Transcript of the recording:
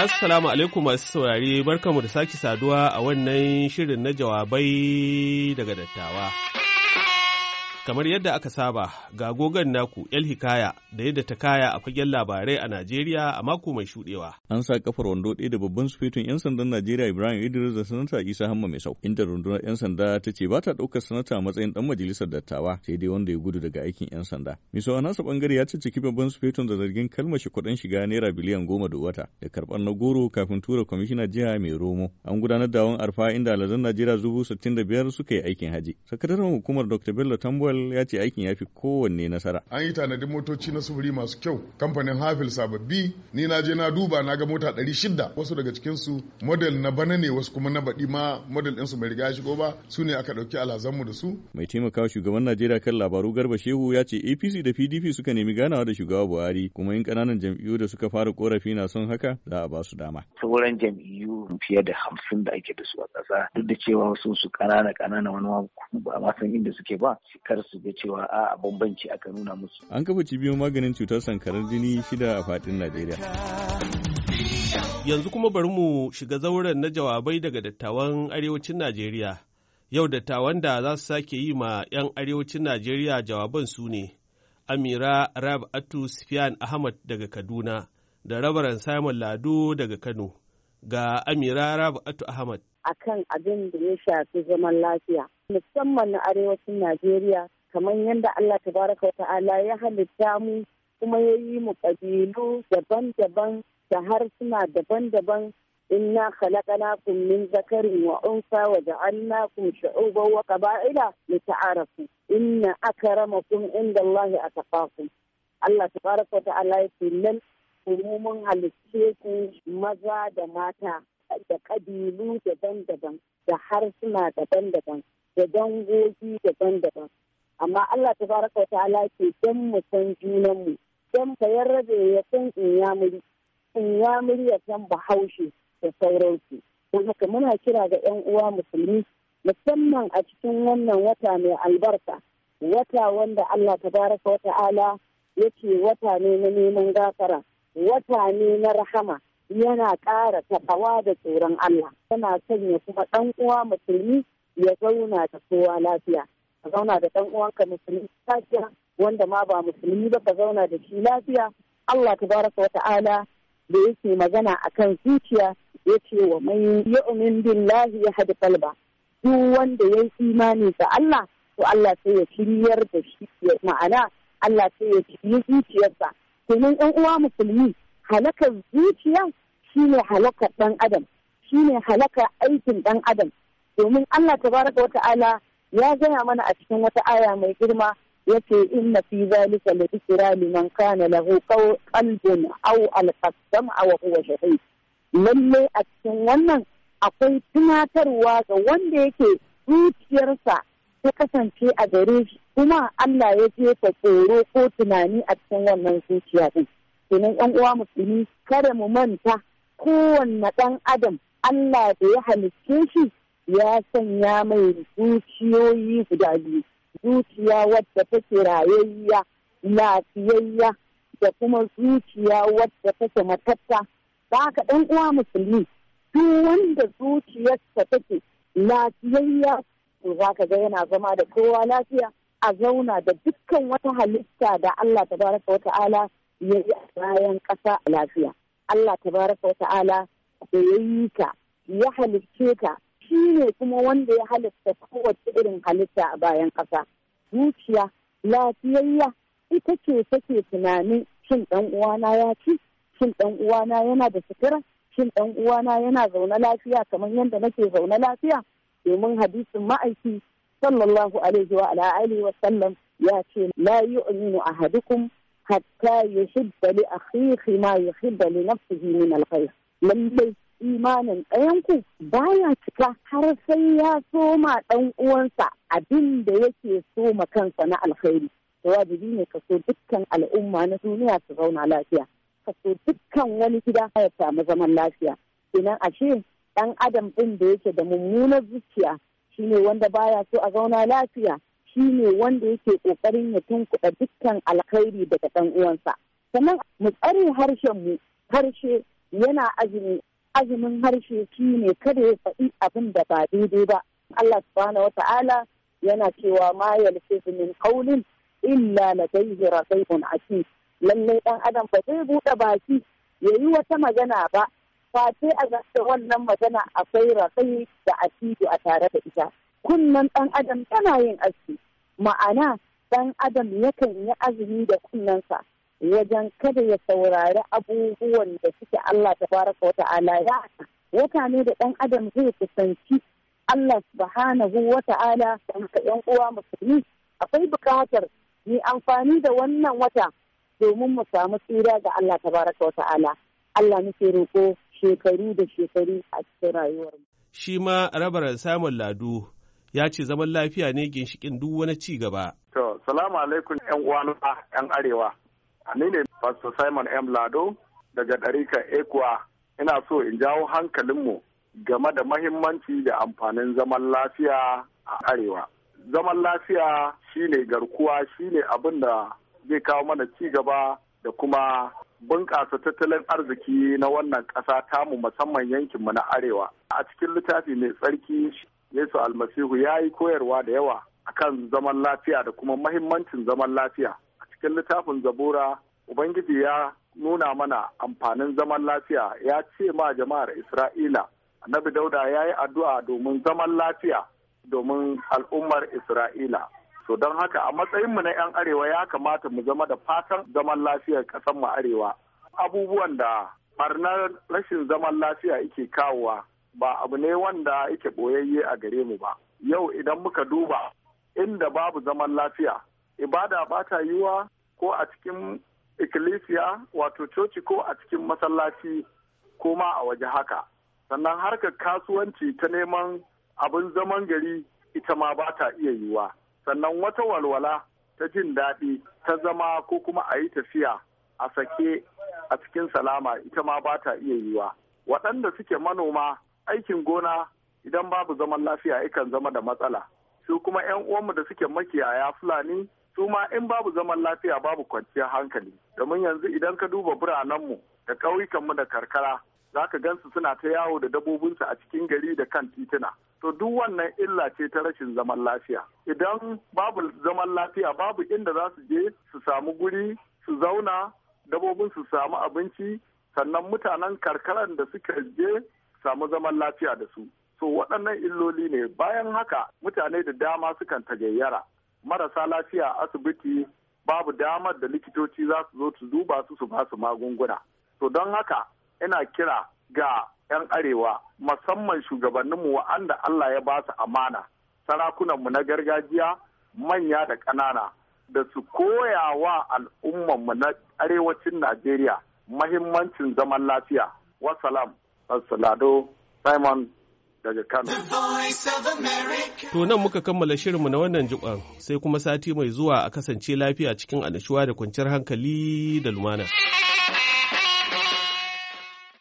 Assalamu alaikum masu saurare barkamu da sake saduwa a wannan shirin na jawabai daga dattawa. kamar yadda aka saba ga gogon naku El Hikaya da yadda ta kaya a fagen labarai a Najeriya a mako mai shudewa. An sa kafar wando ɗaya da babban sufetun 'yan sandan Najeriya Ibrahim Idris da sanata Isa Hamma mai sau. Inda rundunar 'yan sanda ta ce ba ta ɗaukar sanata a matsayin ɗan majalisar dattawa sai dai wanda ya gudu daga aikin 'yan sanda. Mai sau a nasa ɓangare ya cicciki babban sufetun da zargin kalmashi kuɗin shiga naira biliyan goma da wata da karɓar na goro kafin tura kwamishina jiha mai romo. An gudanar da wani arfa inda aladun Najeriya zubu sittin da biyar suka yi aikin haji. Sakataren hukumar Dr. Bello Tambuwal ya ce aikin ya fi kowanne nasara. An yi tanadin motoci na sufuri masu kyau kamfanin Hafil sababbi ni na je na duba na ga mota 600 wasu daga cikinsu model na bana ne wasu kuma na baɗi ma model ɗinsu mai riga shigo ba su ne aka ɗauki alhazanmu da su. Mai taimakawa shugaban Najeriya kan labaru Garba Shehu ya ce APC da PDP suka nemi ganawa da shugaba Buhari kuma in ƙananan jam'iyyu da suka fara korafi na son haka za a ba su dama. Sauran jam'iyyu fiye da hamsin da ake da su a ƙasa duk da cewa wasu su ƙanana ƙanana wani ba ma san inda suke ba kar su ga cewa a bambanci aka nuna musu an kafa cibiyoyin maganin cutar sankarar jini shida a fadin najeriya yanzu kuma bari mu shiga zauren na jawabai daga dattawan arewacin najeriya yau dattawan da za su sake yi ma 'yan arewacin najeriya jawaban su ne amira rab atu sufyan ahmad daga kaduna da rabaran simon lado daga kano ga amira rab atu ahmad akan abin da ya shafi zaman lafiya musamman na arewacin najeriya kamar yadda allah tabaraka wa ta'ala ya halitta mu kuma ya yi mu ƙabilu daban-daban da harsuna daban-daban inna khalaqnakum min zakarin wa unsa wa ja'alnakum shu'uban wa qaba'ila lita'arafu inna akramakum indallahi atqakum Allah tabaraka wa ta'ala ya ce nan mun halitte ku maza da mata da ƙabilu daban-daban da harsuna daban-daban da dangogi daban-daban amma Allah ta baraka ta'ala ke don mu san junanmu dan bayar rabe ya san inyamuri inyamuri ya san bahaushe da sauransu don haka muna kira ga 'yan uwa musulmi musamman a cikin wannan wata mai albarka wata wanda Allah ta baraka wa ta'ala ya wata ne na neman gafara wata ne na rahama yana ƙara taɓawa da tsoron Allah yana sanya kuma ɗan uwa musulmi ya zauna da kowa lafiya ka zauna da ɗan uwanka musulmi lafiya wanda ma ba musulmi ba ka zauna da shi lafiya Allah tabaraka wata'ala da yake magana akan zuciya ya ce wa mai yu'min billahi ya hadi kalba duk wanda ya yi imani ga Allah to Allah sai ya shiryar da shi ma'ana Allah sai ya shirye zuciyarsa domin ɗan uwa musulmi halakar zuciya shine halakar ɗan adam shine halakar aikin ɗan adam domin Allah tabaraka wata'ala ya gaya mana a cikin wata aya mai girma in inna fi zalika la dhikra liman kana lahu qalbun aw al-qasam aw huwa shahid lalle a cikin wannan akwai tunatarwa ga wanda yake zuciyarsa ta kasance a gare shi kuma Allah ya je jefa tsoro ko tunani a cikin wannan zuciya din kenan yan uwa musulmi kada mu manta kowanne ɗan adam Allah da ya halicce shi ya sanya mai zuciyoyi guda biyu zuciya wadda take rayayya lafiyayya da kuma zuciya wadda take matatta ba ka ɗan uwa musulmi duk wanda zuciyarsa take lafiyayya to za ka ga yana zama da kowa lafiya a zauna da dukkan wata halitta da Allah ta baraka wata ya yi a bayan ƙasa lafiya Allah Ta baraka wa ta'ala da ya yi ta ya halicce ta shi ne kuma wanda ya halitta kowace irin halitta a bayan ƙasa zuciya lafiyayya ita ce take tunani. shin ɗan uwana ya ci shin ɗan uwana yana da sutura shin ɗan uwana yana zaune lafiya kamar yadda nake zaune lafiya domin hadisin ma'aiki sallallahu alaihi wa alihi wa sallam ya ce la yu'minu ahadukum hatta yuhibba li akhihi ma yuhibba li lallai imanin ɗayanku baya cika har sai ya soma ɗan uwansa abinda da yake soma kansa na alkhairi da wajibi ne kaso dukkan al'umma na duniya su zauna lafiya kaso so dukkan wani gida ya samu zaman lafiya kenan ashe ɗan adam ɗin da yake da mummunar zuciya shine wanda baya so a zauna lafiya shi ne wanda yake ƙoƙarin ya tunkuɗa dukkan alkhairi daga ɗan uwansa. Sannan mu tsare harshen mu harshe yana azumi azumin harshe shi ne kada ya faɗi abin da ba daidai ba. Allah subhanahu wata'ala yana cewa ma yalfizu min qawlin illa ladayhi raqibun atid. Lallai ɗan adam ba zai buɗe baki ya yi wata magana ba face a zata wannan magana akwai raƙai da asidu a tare da ita. Kunnan ɗan adam tana yin aski ma'ana ɗan adam yakan yi azumi da kunnensa wajen kada ya saurari abubuwan da suke Allah ta baraka wa ta'ala ya wata ne da ɗan adam zai kusanci Allah subhanahu wa ta'ala ka yan uwa musulmi akwai buƙatar yi amfani da wannan wata domin mu samu tsira ga Allah tabaraka wa ta'ala Allah muke roƙo shekaru da shekaru a cikin rayuwar shi ma rabar samun ladu ya ce zaman lafiya ne ginshikin duk wani ci gaba. To, salamu alaikum ‘yan uwana ‘yan arewa. Ni ne Pastor Simon M. Lado daga ɗarika ekwa Ina so in jawo hankalinmu game da mahimmanci da amfanin zaman lafiya a arewa. Zaman lafiya shine garkuwa shine abin da zai kawo mana ci gaba da kuma bunƙasa tattalin arziki na wannan ƙasa tamu musamman yankinmu na arewa a cikin littafi mai tsarki Yesu almasihu ya yi koyarwa da yawa a kan zaman lafiya da kuma mahimmancin zaman lafiya a cikin littafin zabura ubangiji ya nuna mana amfanin zaman lafiya ya ce ma jama'ar isra'ila annabi dauda ya yi addu'a domin zaman lafiya domin al'ummar isra'ila to don haka a matsayinmu na 'yan arewa ya kamata mu zama da fatan zaman lafiyar mu arewa abubuwan da barnar rashin zaman lafiya yake kawowa ba abu ne wanda yake boyayye a gare mu ba yau idan muka duba inda babu zaman lafiya ibada ba ta yiwa ko a cikin ikkilisiya wato coci ko a cikin masallaci ko ma a waje haka sannan harkar kasuwanci ta neman abin zaman gari ita ma ba ta iya yiwa sannan wata walwala ta jin daɗi ta zama ko kuma a yi tafiya a sake a cikin salama ita ma ba ta iya yiwa waɗanda suke manoma aikin gona idan babu zaman lafiya ikan zama da matsala su kuma 'yan uwanmu da suke makiyaya fulani su ma in babu zaman lafiya babu kwanciyar hankali domin yanzu idan ka duba biranenmu da ƙauyukanmu da karkara za ka gansu suna ta yawo da dabobinsu a cikin gari da kan tituna to duk wannan illa ce ta rashin zaman lafiya idan babu zaman lafiya babu inda za su je su samu guri su zauna dabobin su samu abinci sannan mutanen karkaran da suka je samu zaman lafiya da su so waɗannan illoli ne bayan haka mutane da dama sukan tagayyara marasa lafiya asibiti babu damar da likitoci za su zo su duba su su ba su magunguna to don haka ina kira ga 'yan arewa musamman shugabanninmu wa'anda Allah ya ba su amana sarakunanmu na gargajiya manya da ƙanana da su koya wa al'ummanmu na arewacin Najeriya mahimmancin zaman lafiya. Wasalam. Salado Simon daga Kano. To nan muka kammala shirinmu na wannan jiban sai kuma sati mai zuwa a kasance lafiya cikin annashuwa da kwanciyar hankali da lumana.